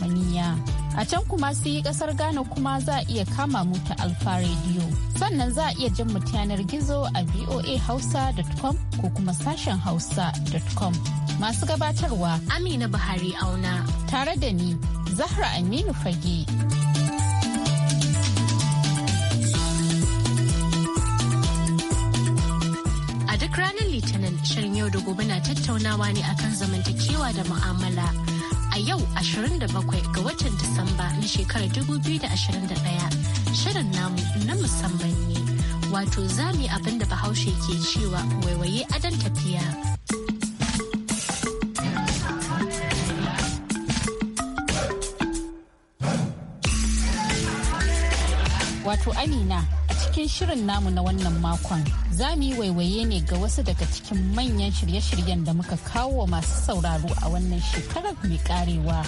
manya A can kuma su yi kasar Ghana kuma za a iya kama muta Alfa Radio. Sannan za a iya jin mu yanar gizo a voahausa.com ko kuma sashen hausa.com. Masu gabatarwa Amina Buhari Auna. Tare da ni, Zahra Aminu Fage. A duk ranar Litinin, shirin yau da gobe na tattaunawa ne akan zamantakewa da mu'amala. a yau 27 ga watan Disamba na shekarar 2021 shirin namu na musamman ne wato zami abin da bahaushe ke cewa waiwaye adon tafiya. Wato Amina cikin shirin namu na wannan makon za mu yi waiwaye ne ga wasu daga cikin manyan shirye-shiryen da muka kawo masu sauraro a wannan shekarar mai karewa.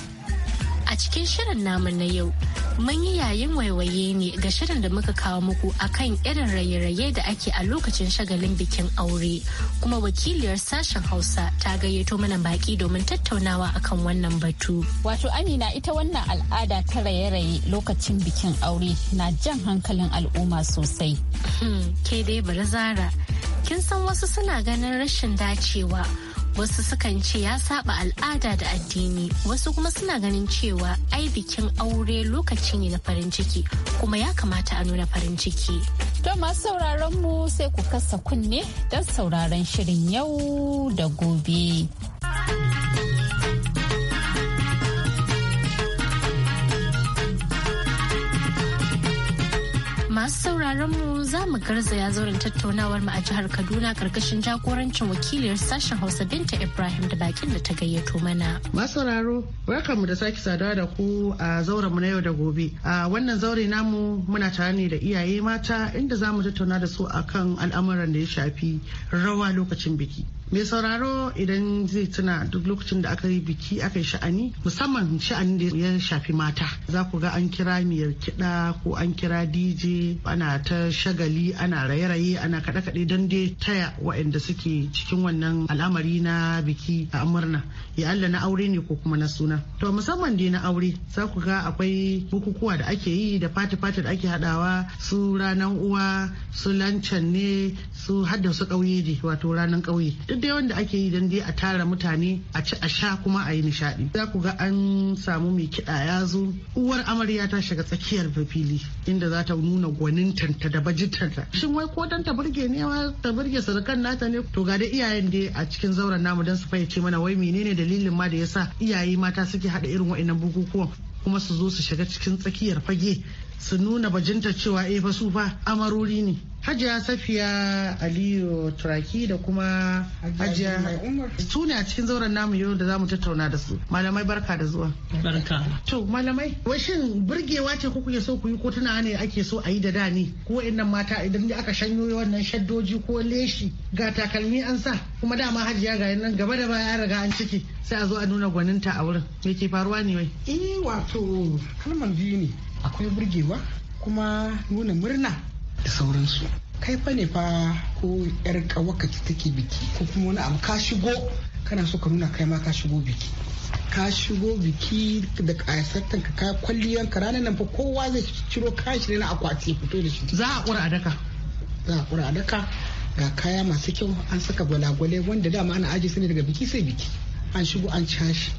A cikin shirin namu na yau, mun yi yayin waiwaye ne ga shirin da muka kawo muku akan irin raye-raye da ake a lokacin shagalin bikin aure. Kuma wakiliyar sashen Hausa ta gayyato mana baki domin tattaunawa akan wannan batu. Wato Amina ita wannan al'ada ta raye-raye lokacin bikin aure na jan hankalin al'umma sosai. Hmm, ke dai bari zara, kin san wasu suna ganin rashin dacewa. wasu sukan ce ya saba al'ada da addini wasu kuma suna ganin cewa ai bikin aure lokaci ne na farin ciki kuma ya kamata a nuna farin ciki don masu sauraron mu sai ku kasa kunne don sauraron shirin yau da gobe masu sauraron mu za mu garzaya zauren tattaunawar mu a jihar Kaduna karkashin jagorancin wakiliyar sashen Hausa Binta Ibrahim da bakin da ta gayyato mana. Masu sauraro, welcome da sake saduwa da ku a zauren mu na yau da gobe. A wannan zaure namu muna tare ne da iyaye mata inda za mu tattauna da su akan al'amuran da ya shafi rawa lokacin biki. mai sauraro idan zai tuna duk lokacin da aka yi biki aka yi sha'ani musamman sha'ani da ya shafi mata za ku ga an kira miyar kiɗa ko an kira dj ana ta shagali ana raye-raye ana kaɗe-kaɗe don dai taya waɗanda suke cikin wannan al'amari na biki a murna ya Allah na aure ne ko kuma na suna to musamman dai na aure za ku ga akwai bukukuwa da ake yi da fati-fati da ake haɗawa su ranar uwa su lancan ne su hadda su ƙauye wato ranar ƙauye duk dai wanda ake yi don dai a tara mutane a ci a sha kuma a yi nishaɗi za ku ga an samu mai kiɗa ya zo uwar amarya ta shiga tsakiyar fili inda za ta nuna gwanintanta da ta. shin wai ko dan ta burge ne ta burge surukan nata ne to ga da iyayen da a cikin zauren namu don su fayyace mana wai menene dalilin ma da yasa iyaye mata suke haɗa irin wa'annan bukukuwan kuma su zo su shiga cikin tsakiyar fage su nuna bajinta cewa eh fa su fa amarori ne hajiya safiya aliyu turaki da kuma hajiya su ne a cikin zauren namu yau da zamu tattauna da su malamai barka da zuwa barka to malamai washin burgewa ce ko kuke so ku yi ko tana ne ake so a yi da dani ko nan mata idan aka shanyo wannan shaddoji ko leshi ga takalmi an sa kuma dama hajiya ga nan gaba da baya riga an ciki sai a zo a nuna gwaninta a wurin me ke faruwa ne wai eh wato kalmar biyu ne akwai burgewa kuma nuna murna da sauransu kai fa ne fa ko yar kawaka take biki ko kuma wani abu ka shigo kana so ka nuna kai ma ka shigo biki ka shigo biki da kayatattan ka kwalliyan ka ranar nan fa kowa zai ciro kashi ne na akwati fito da shi za a kura a daka za a kura a daka ga kaya masu kyau an saka gwalagwale wanda dama ana aji su ne daga biki sai biki an shigo an cashi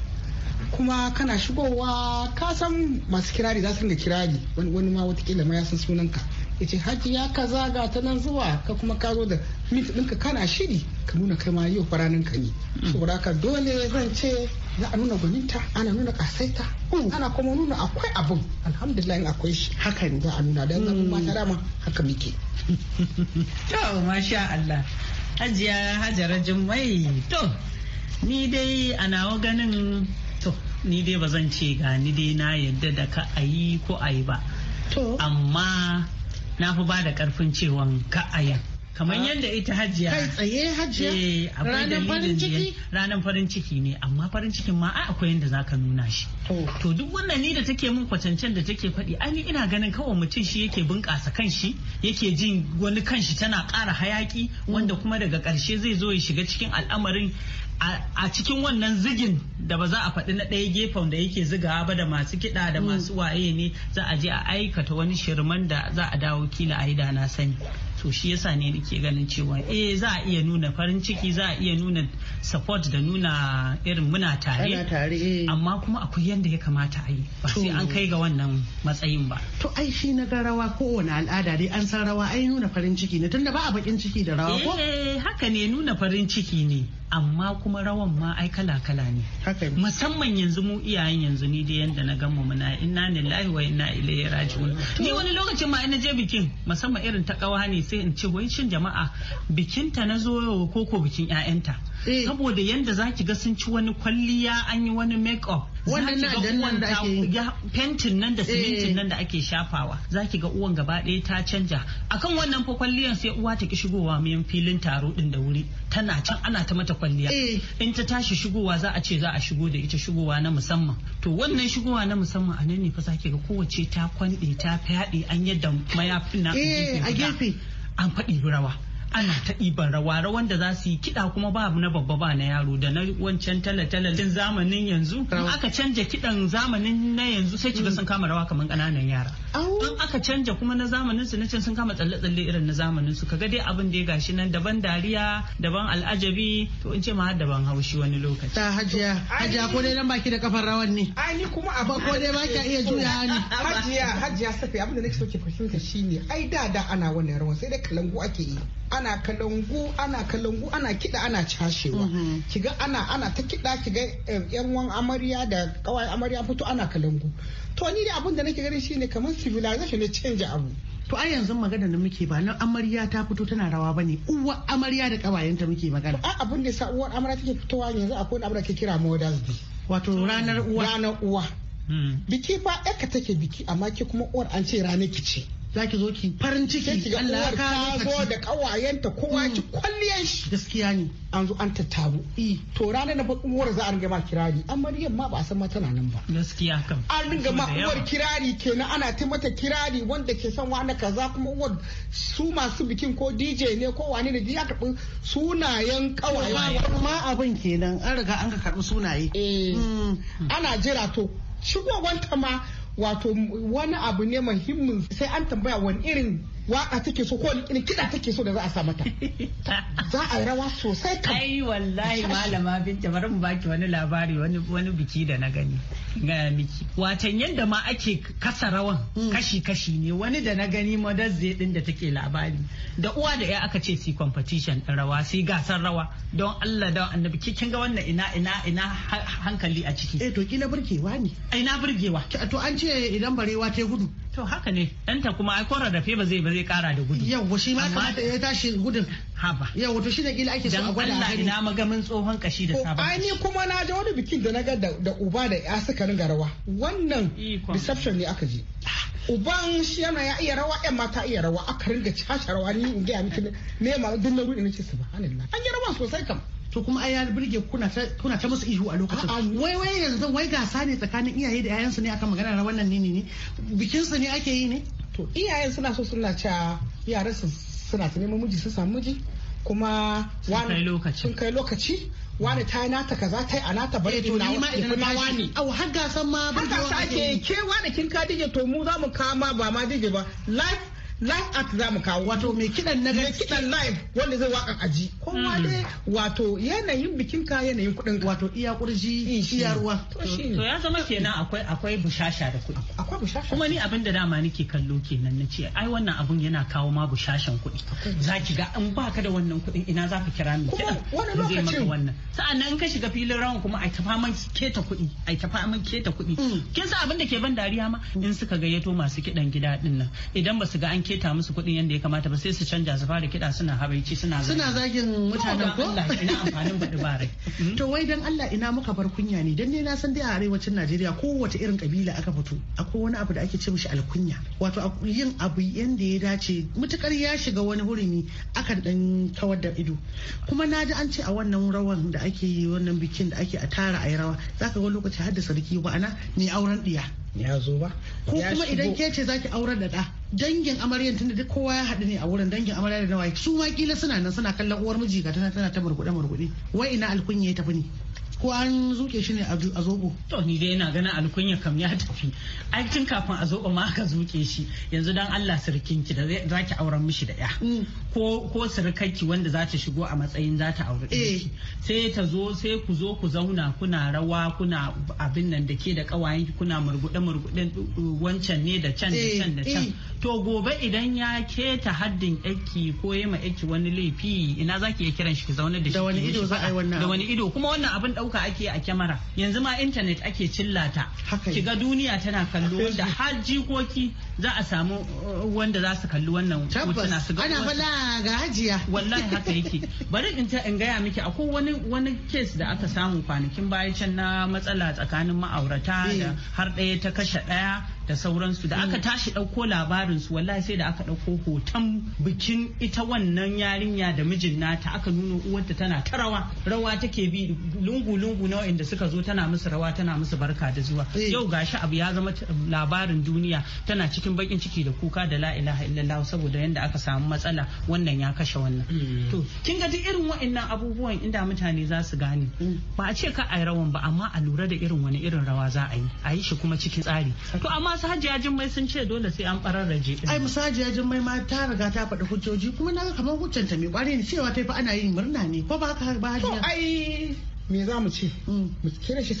kuma kana shigowa ka san masu kirari za su dinga kirari wani ma watakila ma ya san sunanka ya ce hajiya ka zaga ta nan zuwa ka kuma ka zo da mint ɗinka kana shiri ka nuna kai ma yau faranin ka ne saboda haka dole zan ce za a nuna gwaninta ana nuna kasaita ana kuma nuna akwai abin alhamdulillah in akwai shi haka ne za a nuna don zaman mata dama haka muke to masha Allah hajiya hajara jummai to ni dai a nawa ganin to ni dai ba zan ce ga ni dai na yadda da ka a yi ko a yi ba amma na fi ba da karfin cewan ka'ayan kamar ah. yadda ita hajiya kai tsaye hajiya eh, ranar farin ciki ranar farin ciki ne amma farin cikin ma a akwai yadda zaka nuna shi to duk wannan ni da take mun kwatancen da take faɗi ani ina ganin kawai mutum shi yake bunƙasa kanshi yake jin wani kanshi tana ƙara hayaki wanda mm. kuma daga ƙarshe zai zo ya shiga cikin al'amarin a cikin wannan zigin da ba za a faɗi na ɗaya gefen da yake zigawa ba da masu kiɗa da masu waye ne za a je a aikata wani shirman da za a dawo kila a yi da na sani to shi yasa ne nake ganin cewa eh za a iya nuna farin ciki za a iya nuna support da nuna irin muna tare eh. amma kuma akwai yanda ya kamata a yi ba sai an kai ga wannan matsayin ba to ai shi na ga rawa kowane al'ada dai an san rawa ai nuna farin ciki ne tunda ba a bakin ciki da rawa ko eh haka ne nuna farin ciki ne amma kuma kuma rawan ma ai kala kala ne musamman yanzu mu iyayen yanzu ni da yanda na gan mu muna inna lillahi wa inna ilaihi raji'un ni wani lokacin ma ina je bikin musamman irin ta kawa ne sai in ce wai shin jama'a bikinta na zo ko ko bikin ƴaƴanta Eh. saboda za zaki ga sun ci wani kwalliya an yi wani make up wannan nan da fentin nan da eh. simintin nan da ake shafawa Za ki ga uwan gaba ɗaya ta canja akan wannan fa kwalliyan sai uwa ta ki shigowa min filin taro din da wuri tana can ana ta mata kwalliya eh. in ta tashi shigowa za a ce za a shigo da ita shigowa na musamman to wannan shigowa na musamman a nan ne fa zaki ga kowace ta kwanɗe ta fyaɗe an yadda mayafin na a gefe an faɗi rawa ana ta ɗiban rawa rawan da za su yi kiɗa kuma ba na babba ba na yaro da na wancan talatala din zamanin yanzu in aka canja kiɗan zamanin na yanzu sai kiga mm. sun kama rawa kamar ƙananan yara in aka canja kuma na zamanin su na can sun kama tsalle tsalle irin na zamanin su kaga dai abin da ya gashi nan daban dariya daban al'ajabi to in ce ma har daban haushi wani lokaci ta hajiya hajiya ko dai nan baki da kafar rawan ne ai ni kuma Ba ko dai ba a iya juya ni hajiya hajiya safi abin da nake so ki fahimta shine ai da da ana wannan rawan sai dai kalangu ake yi ana kalangu ana kalangu ana kiɗa ana cashewa mm-hmm. kiga ana ana ta kiɗa kiga eh, yan wan amarya da kawai amarya fito ana kalangu to ni da abin da nake gani shine kamar civilization ne canja abu to a yanzu magana da muke ba na amarya ta fito tana rawa bane uwa amarya da kawayenta muke magana a abin da sa uwar amarya take fitowa yanzu akwai wani abu da ke kira mothers day wato ranar uwa ranar uwa hmm. biki fa yaka take biki amma ke kuma uwar an ce ranar ki ce za ki zo ki farin ciki Allah ka zo da kawayenta kowa ki mm. kwalliyan shi gaskiya ne an zo an tattaru e. to ranar na uwar za a ringa ma kirari amma riyan ma ba a san ma tana nan ba gaskiya kam an ringa ma uwar kirari kenan ana ta mata kirari wanda ke son wani kaza kuma uwar su masu bikin ko DJ ne ko wani ne ya karbi sunayen kawayen ma abin kenan an riga an ka karbi sunaye eh. mm. ana jira to shigowanta ma wato wani abu ne muhimmin sai an tambaya wani irin waka take so ko ni kida take so da za a sa mata za a rawa sosai kan ai wallahi malama binta bari mu baki wani labari wani wani biki da na gani ga miki watan yadda ma ake kasa rawan hmm. kashi kashi ne wani da na gani madazze din da take labari da uwa da ya aka ce si competition din rawa si gasar rawa don Allah don annabi kin ga wannan ina ina ina hankali a ciki eh to na burgewa ne ina burgewa to an ce idan barewa ta gudu to haka ne danta kuma ai kora da fe ba zai ba zai kara da gudu yau shi ma kamata ya tashi gudun haba yau to shi da kila ake so a gwada Allah ina magamin tsohon kashi da sabon ai ni kuma na je wani bikin da na ga da uba da ya suka ringa rawa wannan reception ne aka je uban shi yana ya iya rawa yan mata iya rawa aka ringa cashe rawa ni in ga miki ne ma duk na ne ce subhanallah an yi rawa sosai kam to kuma ai ya burge kuna ta kuna ta musu ihu a lokacin wai wai yanzu wai gasa ne tsakanin iyaye da yayansu ne akan magana na wannan nini ne bikin su ne ake yi ne to iyayen suna so suna ta yaran su suna ta neman miji su samu miji kuma sun kai lokaci kai lokaci wani ta nata kaza ta yi anata bari eh, to ni ma idan na wani au har gasan ma har gasa ake ke wani kin ka dige to mu za mu kama ba ma dige ba life live act za mu kawo wato mai kidan na kidan live wanda zai wakan aji kowa hmm. dai wato yanayin bikin ka yanayin kudin wato iya kurji iya ruwa to ya zama kenan akwai akwai bushasha da kudi akwai bushasha kuma ni abin da dama nake kallo kenan na ce ai wannan abun yana kawo ma bushashan kudi zaki ga in baka da wannan kudin ina zaka kira ni kidan wani lokacin wannan sa'annan in ka shiga filin rawan kuma ai ta faman keta kudi ai ta faman keta kudi hmm. kin san abin da ke ban dariya ma in suka gayyato masu kidan gida din nan idan ba su ga an keta musu kuɗin yadda ya kamata ba sai su canja su fara kiɗa suna habaici suna suna zagin mutanen ko ina amfanin baɗi ba to wai dan Allah ina muka bar kunya ne dan ne na san dai a arewacin Najeriya wace irin kabila aka fito akwai wani abu da ake ce mishi alkunya wato yin abu yanda ya dace mutukar ya shiga wani hurumi akan dan kawar da ido kuma na ji an ce a wannan rawan da ake yi wannan bikin da ake a tara a yi rawa zaka ga lokaci har da sarki ba'ana mai auren diya ya zo ba ko kuma idan ke ce zaki aurar da da dangin amaryan tunda duk kowa ya haɗu ne a wurin dangin amarya da nawa su ma kila suna nan suna kallon uwar miji ga tana tana ta murgude murgude wai ina alkunya ya tafi ne ko an zuke shi ne a zobo to ni dai ina ganin alkunya kam ya tafi ai tun kafin a zobo ma aka zuke shi yanzu dan Allah sirkinki da zaki auren mishi da ya mm. ko ko sirkarki wanda za ta shigo a matsayin za ta aure eh. sai ta zo sai ku zo ku zauna kuna rawa kuna abin nan da ke da kawayen kuna murgude murgude wancan ne da can da eh, can da can eh. to gobe idan ya keta haddin yaki ko ma yaki wani laifi ina zaki iya kiran shi ki zauna da shi da wani ido za a yi wannan da wani ido kuma wannan abin ɗauka ake a kyamara yanzu ma intanet ake cillata kiga duniya tana kallo da har jikoki za a samu uh, wanda za su kalli wannan hotuna su ga ana bala ga hajiya wallahi haka yake bari in ta in gaya miki akwai wani wani case da aka samu kwanakin baya can na matsala tsakanin ma'aurata eh. da har ɗaya ta kashe ɗaya da sauransu da aka mm. tashi ɗauko labarinsu wallahi sai da aka ɗauko hoton bikin ita wannan yarinya da mijin nata aka nuno uwarta tana ta rawa rawa take bi lungu-lungu na wa'inda suka zo tana musu rawa tana musu barka da zuwa eh. yau gashi abu ya zama labarin duniya tana cikin bakin ciki da kuka da la ilaha illallah saboda yanda aka samu matsala wannan ya kashe wannan mm. to kin ga duk irin wa'annan abubuwan inda mutane za su gane mm. ba a ce ka a rawan ba amma a lura da irin wani irin rawa za a yi a yi shi kuma cikin tsari to amma wasu hajiya mai sun ce dole sai an ɓararraje. ai musu hajiya mai ma ta riga ta faɗi hujjoji kuma na kamar hujjanta mai kwari ne cewa ta fa ana yin murna ne ko ba haka ba hajiya to ai me za mu ce mm. mu kira shi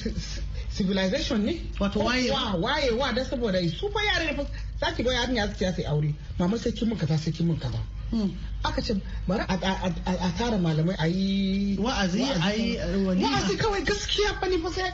civilization ne wato wayewa wayewa da saboda su fa yare ne fa za ki ga yarinya su ta sai aure mama sai kin mun kaza sai kin mun kaza mm. aka ce bari a tara malamai a yi wa'azi a yi wa'azi kawai gaskiya fa ne fa sai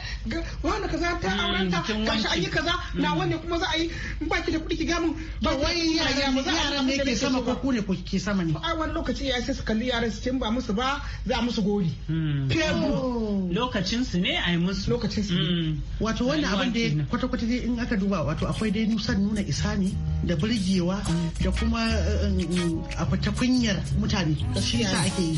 wani kaza ta hmm, aurenta gashi an yi kaza na hmm. wani kuma za a yi ba ki da kuɗi ki gamu ba wai yara ne ke sama ko ku ne ko ke sama ne a wani lokaci ya sai su kalli yaran su ba musu ba za musu gori hmm. oh. lokacin su ne a yi musu lokacin su ne wato wannan abin da kwata kwata dai in aka duba wato akwai dai nusan nuna isa da burgewa da kuma eh, eh, eh, a fita kunya kunyar mutane shi ake yi.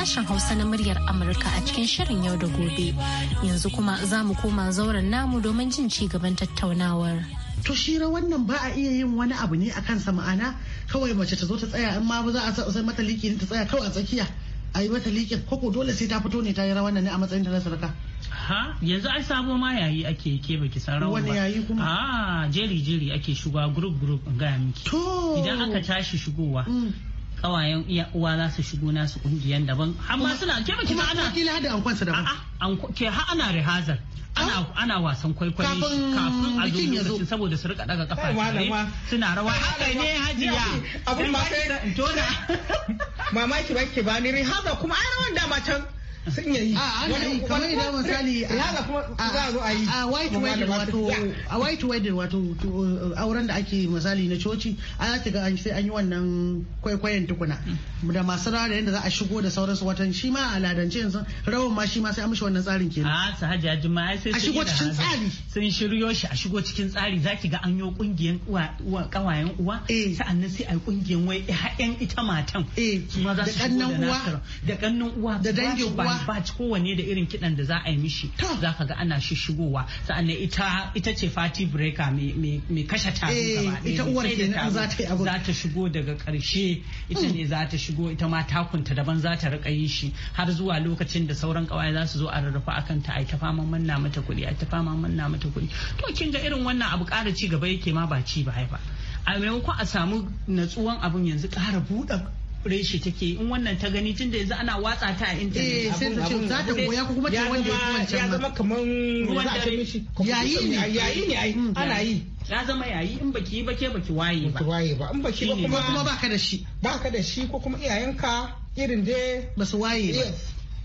sashen Hausa na muryar Amurka a cikin shirin yau da gobe. Yanzu kuma za mu koma zauren namu domin jin ci gaban tattaunawar. To shira wannan ba a iya yin wani abu ne a kansa ma'ana kawai mace ta zo ta tsaya in ma za a sai mata liki ta tsaya kawai a tsakiya a yi mata likin koko dole sai ta fito ne ta yi rawan nan ne a matsayin da na sarka. ha yanzu ai sabo ma yayi ake ke baki san wani yayi kuma ah, jeri jeri ake shiga group group in gaya miki idan aka tashi shigowa mm. kawayen iya uwa za su shigo nasu kungiyan daban amma suna ke baki ana kila da kwansa daban ke ha ana rehazar ana ah? ana wasan kwaikwayo kafin a zo lokacin saboda su rika daga kafa suna rawa haka ne hajiya abin ma sai tona mamaki ba ke ba ni rehazar kuma ai rawan dama can sun yayi ah, wani kamar idan misali a white wedding wato a white wedding wato uh, auren da ake misali na coci a yi ga an sai an yi wannan kwaikwayon tukuna da masu rawa da yadda za a shigo da sauransu watan shi ma a ladance yanzu rawan ma shi ma sai an mishi wannan tsarin kenan a ah, su hajji hajji ma sai a shigo cikin tsari sun shiryo shi a shigo cikin tsari zaki ga an yi kungiyan uwa kawayen uwa eh. sa'annan sai a yi kungiyan wai ƴaƴan ita matan eh. su ma za su da kannan da kannan uwa da dangin uwa Ba kowanne da irin kiɗan da za a yi mishi za ka ga ana shishigowa sa'annan ita ita ce fati breaker mai kashe eh, ita uwar kenan za ta yi abu za ta shigo daga karshe ita hmm. ne za ta shigo ita ma takunta daban za ta rika yi shi har zuwa lokacin da sauran kawai za su zo a rarrafa akan ta ai ta fama manna mata kuɗi ai ta fama manna mata kuɗi to kin ga irin wannan abu ƙara ci gaba yake ma ba ci ba ba a maimakon a samu natsuwan abun yanzu ƙara buɗe reshe take in wannan ta gani tun da yanzu ana watsa ta a intanet abun abun za ta koya ko kuma ta wanda ya wancan ya zama kaman ruwan dare yayi ne yayi ne ai mm, ana yi ya zama yayi in baki yi bake baki waye ba waye ba in baki ba kuma kuma baka da shi baka da shi ko kuma iyayenka irin dai ba su waye ba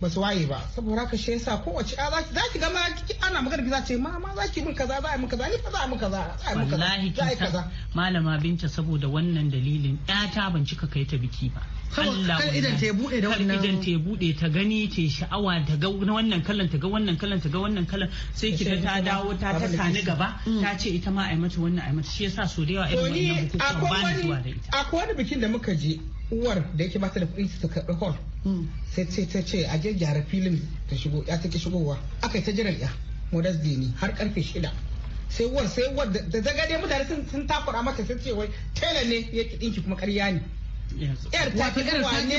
ba su waye ba saboda haka shi yasa kowace a zaki gama ga ma ana magana za ce ma za ki min kaza za a min kaza ni fa za a mun kaza za a mun kaza Wallahi a kaza malama binta saboda wannan dalilin ta ban cika kai ta biki ba Allah kar idan ta bude da wannan idan ta bude ta gani ta sha'awa ta ga wannan kallon ta ga wannan kallon ta ga wannan kallon sai ki ta dawo ta ta sani gaba mm. ta ce ita ma ai mata wannan ai mata shi yasa so da yawa irin wannan bukukuwa ba ni zuwa da ita akwai wani bikin da muka je uwar da yake bata da kuɗi su karɓi hall hmm. sai ce ta ce a je gyara filin ta shigo ya take shigowa aka yi ta jiran ya modas dini har karfe shida sai uwar sai uwar da zaga gade mutane sun takura mata sai ce wai tela ne ya ki ɗinki kuma karya ne yar ta ta wane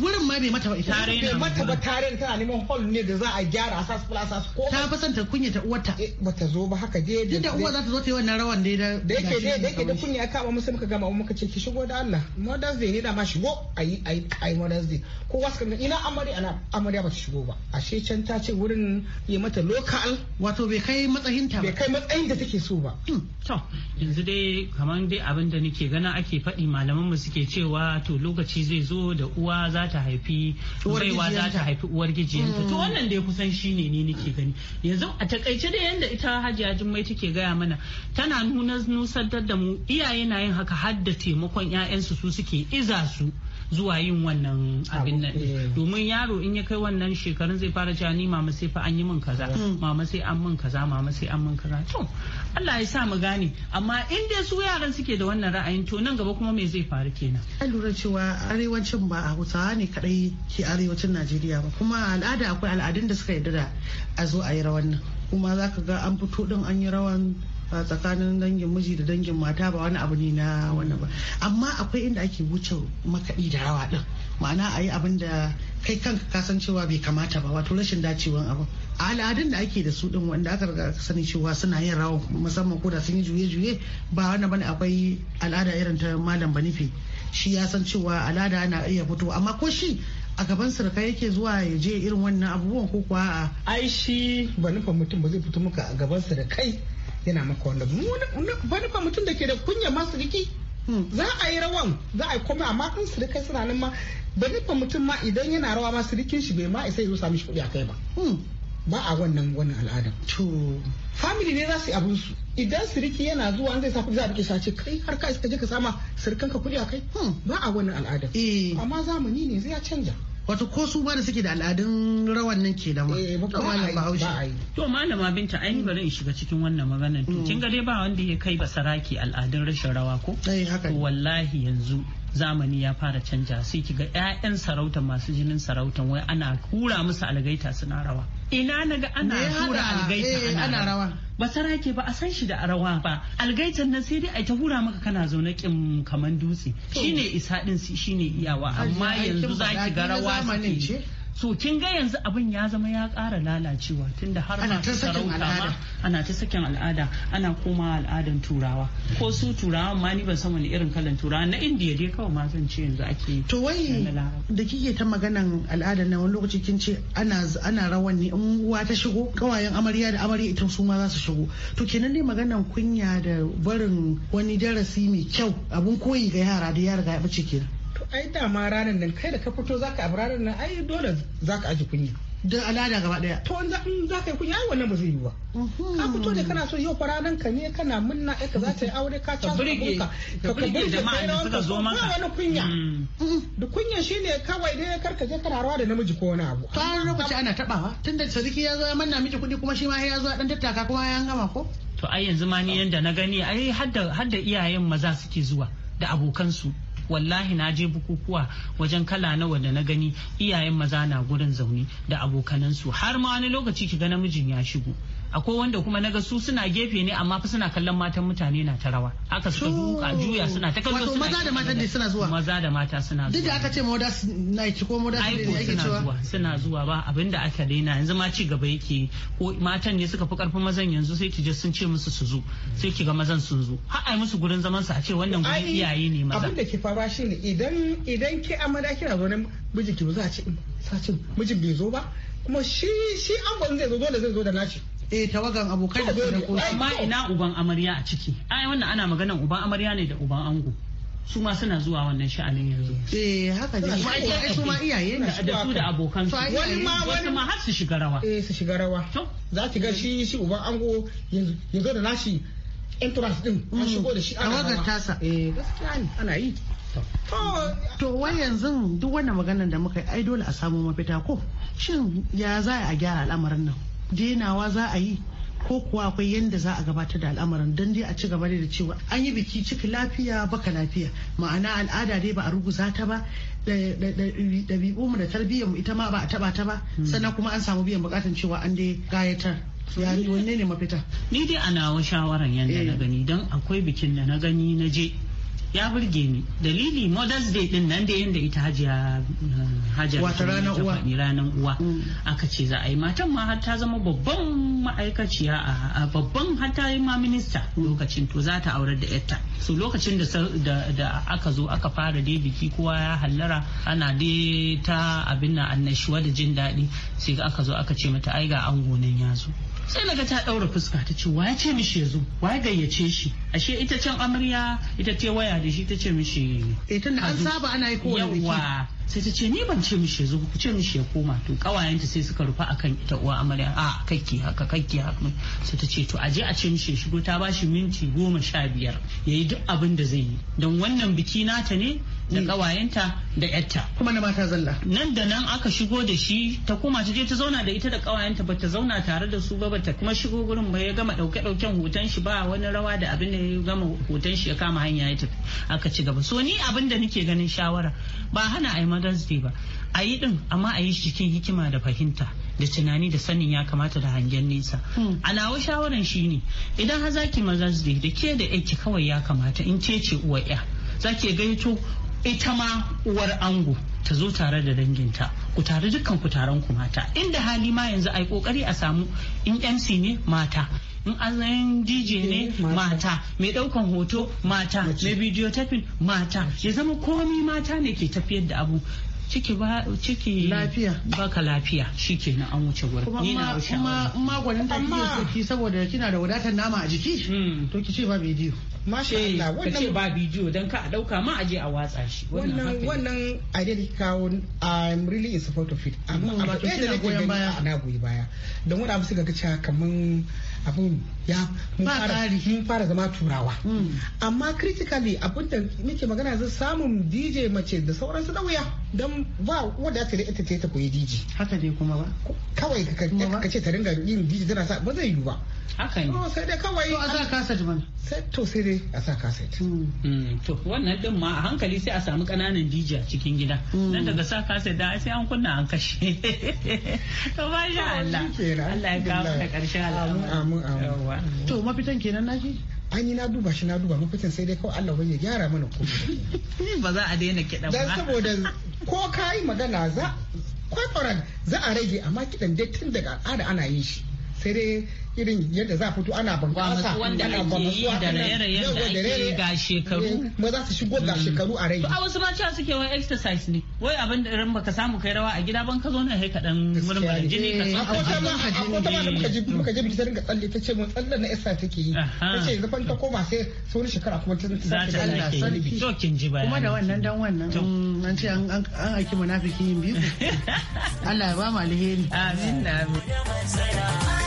wurin ma bai mata ba ita bai mata ba tarin tana neman hall ne da za a gyara asas plazas ko ta fa ta kunya ta uwarta eh, bata zo ba haka dai duk da uwa za ta zo ta yi wannan rawan dai da da yake dai da yake da kunya aka ba musu muka gama muka ce ki shigo da Allah mother's day ne da ma shigo ayi ayi ayi mother's day ko wasu kan ina amarya ana amarya ba ta shigo ba ashe can ta ce wurin ya mata local wato bai kai matsayin ta bai kai matsayin da take so ba hmm, to yanzu dai kamar dai abin nake gana ake faɗi malaman mu suke cewa to lokaci zai zo da uwa za ta haifi baiwa za ta haifi uwar gijiyanta to mm. wannan da ya kusan shine ne nake gani yanzu a takaice da yanda ita hajiya jummai take gaya mana tana nuna nusantar da mu iyaye na yin haka har da taimakon 'ya'yansu su suke iza su zuwa yin wannan abin nan eh. domin yaro in ya kai wannan shekarun zai fara cewa ni mama sai fa an yi min kaza mm. mama sai an min kaza mama sai an min kaza to Allah ya sa mu gane amma in dai su yaran suke da wannan ra'ayin to nan gaba kuma me zai faru kenan an lura cewa arewacin ba a Hausawa ne kadai ke arewacin Najeriya ba kuma al'ada akwai al'adun da suka yarda a zo a yi rawan nan kuma zaka ga an fito din an yi rawan tsakanin dangin miji da dangin mata ba wani abu ne na wannan ba amma akwai inda ake wuce makaɗi da rawa din ma'ana a yi abin da kai kanka kasan cewa bai kamata ba wato rashin dacewan abu a al'adun da ake da su din wanda aka riga sani cewa suna yin rawa musamman ko da sun yi juye-juye ba wani bane akwai al'ada irin ta malam banife shi ya san cewa al'ada na iya fito amma ko shi a gaban surka yake zuwa ya je irin wannan abubuwan ko kuwa a ai ba nufin mutum ba zai fito muka a gaban da kai yana maka wanda wani ba mutum da ke da kunya masu riki hmm. za a yi rawan za a yi kome amma in su rikai suna nan ma da nufa mutum ma idan yana rawa ma rikin shi bai ma isa yi sami shi kuɗi a kai ba hmm. ba a wannan wannan al'adar to family ne za su yi abin su idan siriki yana zuwa an zai sa kuɗi za a rike shi kai har ka isa ka je ka sama sirikan ka kuɗi a kai hmm. ba a wannan al'adar eh. amma zamani ne zai ya canja wato ko su ma da suke da al'adun rawan nan ke da ma eh, ko malam bahaushe to malama binta ai bari in shiga cikin wannan maganar to mm. kin ga dai ba wanda ya kai basaraki al'adun rashin rawa ko eh, wallahi yanzu zamani ya fara canja sai kiga ƴaƴan sarauta masu jinin sarautan wai ana hura musu algaita suna rawa ina naga ana hura algaita eh, ana rawa ba sarake ba a san shi da rawa ba algaitan nan sai dai a ta hura maka kana zaune kin kaman dutse shine isa din shine iyawa amma yanzu zaki ga rawa suke so kin ga yanzu abin ya zama ya kara lalacewa tunda har ta sarauta al'ada. ana ta sakin al'ada ana koma al'adan turawa ko su turawa ma ni ban san wani irin kalan turawa na indiya dai kawai ma zan ce yanzu ake to wai da kike ta maganan al'ada na wani lokaci kin ce ana ana rawan ne in uwa ta shigo kawayen amarya da amarya ita su ma za su shigo to kenan dai maganan kunya da barin wani darasi mai kyau abun koyi ga yara da yara ga ya bace kenan ai dama ranar nan kai da ka fito zaka abu ranar nan ai dole zaka aji kunya da al'ada gaba daya to in za ka yi kunya ai wannan ba zai yi ba ka fito da kana so yau fa ranar ka ne kana munna ai ka za ta yi aure ka ta burge ka ka burge jama'a da suka zo maka ba wani kunya mm. Mm. da kunya shine kawai dai kar ka je kana rawa da namiji ko wani abu to an lokaci ana tabawa tunda sarki ya zo ya manna miki kuɗi kuma shi ma ya zo dan tattaka kuma ya gama ko to ai yanzu ma ni yanda na gani ai hadda hadda iyayen maza suke zuwa da abokansu wallahi na je bukukuwa wajen kala nawa da na gani iyayen maza na gurin zaune da abokanansu har ma wani lokaci ki ga namijin ya shigo akwai wanda kuma naga su suna gefe ne amma fa suna kallon matan mutane na ta rawa haka suka duka juya suna ta kallo suna maza da mata ne suna zuwa maza da mata suna zuwa duk da aka ce moda na ci ko moda ne suna cewa suna zuwa ba abinda aka daina yanzu ma ci gaba yake ko matan ne suka fi karfin mazan yanzu sai ki je sun ce musu su zo sai ki ga mazan sun zo har ai musu gurin zaman su a ce wannan gurin iyaye ne maza abinda ke fara shine idan idan ki amada kina zo nan mijin ki ba za a ce sacin mijin bai zo ba kuma shi shi angon zai zo dole zai zo da naci eh tawagan abokai da ko. amma ina uban amarya a ciki ai wannan ana maganan uban amarya ne da uban ango su ma suna zuwa wannan sha'anin yanzu. Eh haka ne. Kuma ai su ma iyaye ne. Da su da abokan su. Wani ma wani ma har su shiga rawa. Eh su shiga rawa. Za ki ga shi shi uban ango yanzu da nashi entrance din an mm. shigo da shi a rawa. Tawagar tasa. Eh gaskiya ne ana yi. To wai yanzu duk wannan maganar da muka yi ai dole a samu mafita ko? Shin ya za a gyara al'amarin nan? denawa za a yi ko kuwa akwai yadda za a gabatar da al'amarin don dai a ci gaba da cewa an yi biki ciki lafiya baka lafiya ma'ana al'ada dai ba a ruguza ta ba ɗabi'u mu da tarbiyyar mu ita ma ba a taba ta ba hmm. sannan kuma an samu biyan bukatan cewa an dai gayatar wanne ne mafita ni dai a nawa shawaran yadda na eh. gani don akwai bikin da na gani na je ya burge ni dalili mothers day din nan da yanda ita hajiya hajiya wata ranar uwa ranar mm. uwa aka ce za a yi matan ma har ta zama babban ma'aikaciya a babban har yi ma minista mm. lokacin to za ta aurar da yatta so lokacin da aka zo aka fara dai biki kowa ya hallara ana dai ta abin na annashuwa da jin daɗi sai aka zo aka ce mata ai ga ango nan ya zo sai naga ta ɗaura fuska ta ce ya ce mishi ya zo ya gayyace shi ashe ita can amarya ita ce waya da shi ta ce mishi Ita eh, na an saba ana yi kowa biki yawa sai ta ce ni ban ce mishi ya ku ce mishi ya koma to kawayenta sai suka rufa akan ita uwa amarya a kakki haka kakki haka sai ta ce to aje a ce mishi ya shigo ta bashi minti goma sha biyar yayi duk abin da zai yi don wannan biki nata ne da kawayenta mm. da yatta kuma na mata zalla nan da nan aka shigo da shi ta koma ta je ta zauna da ita da kawayenta ba ta zauna tare da su ba ba ta kuma shigo gurin ba ya gama dauke dauken hoton shi ba wani rawa da abin da ya gama hoton shi ya kama hanya ya tafi aka ci gaba so ni abin da nake ganin shawara ba hana ayi yi ba a yi din amma a yi shi cikin hikima da fahimta da tunani da sanin ya kamata da hangen nesa mm. a nawa shawaran shi ne idan ha zaki mother's da ke da yake kawai ya kamata in ce ce uwa ya zaki gaito ita ma uwar ango ta zo tare da danginta ku tare dukkan ku taron ku mata inda hali ma yanzu ai kokari a samu in MC ne mata in an DJ ne eh, mata mai daukan hoto mata mai bidiyo tafin mata ya zama komi mata ne ke tafiyar da abu ciki ba ciki lafiya baka lafiya na an wuce gurin ni na kuma magwanin ta ki saboda kina da wadatar nama a jiki hmm. to ki ce ba bidiyo masha eh, Allah wannan ba bidiyo dan ka a dauka ma aje a watsa shi wannan wannan idea da kawo I'm really in support of it amma amma ina goyon baya na goyi baya don wani abu suka ga kaman abin ya mun fara zama turawa mm. amma critically abin da muke magana zan samun dj mace da sauransu da wuya don ba wadda ta ita ce ta koyi dj haka ne kuma ba kawai ka ce ta ringa yin dj tana sa ba zai yiwu ba haka ne sai dai kawai to a sa kaset ba to sai dai a sa kaset mm. mm, to wannan din ma a hankali sai a samu kananan dj a cikin gida nan daga sa kaset da sai an kunna an kashe to sha Allah Allah ya kawo da karshen al'amari amin amin to mafitan kenan naji an yi na duba shi na duba mafitan sai dai kawai Allah bai ya gyara mana komai ba za a daina kiɗan ba dan saboda ko kai magana za kwakwaran za a rage amma kiɗan dai tun daga al'ada ana yin shi sai dai irin yadda za fito ana bunƙasa ana bamasuwa da raye da ake ga shekaru eh, ma za su shigo ga mm. shekaru a rai a wasu mace cewa suke wai exercise ne wai abin da ran baka samu kai rawa a gida ban ka zo nan sai ka murmurin jini ka san ka a kota ma da muka je muka je bitar ga tsalle ce mun tsallan na isa take yi ta ce yanzu ban koma sai sauran shekara kuma ta za ta Allah sarki to kin ji bayani kuma da wannan dan wannan an ce an an aki munafiki yin biyu Allah ya ba mu alheri amin amin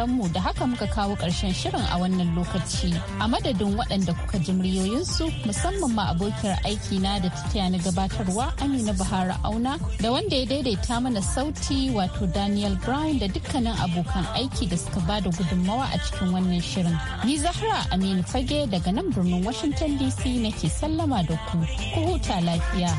sauraron mu da haka muka kawo ƙarshen shirin a wannan lokaci. A madadin waɗanda kuka ji muryoyinsu musamman ma abokiyar aiki na da ta na gabatarwa Amina Bahara Auna da wanda ya daidaita mana sauti wato Daniel Brown da dukkanin abokan aiki da suka ba da gudunmawa a cikin wannan shirin. Ni Zahra Aminu Fage daga nan birnin Washington DC nake sallama da ku. Ku huta lafiya.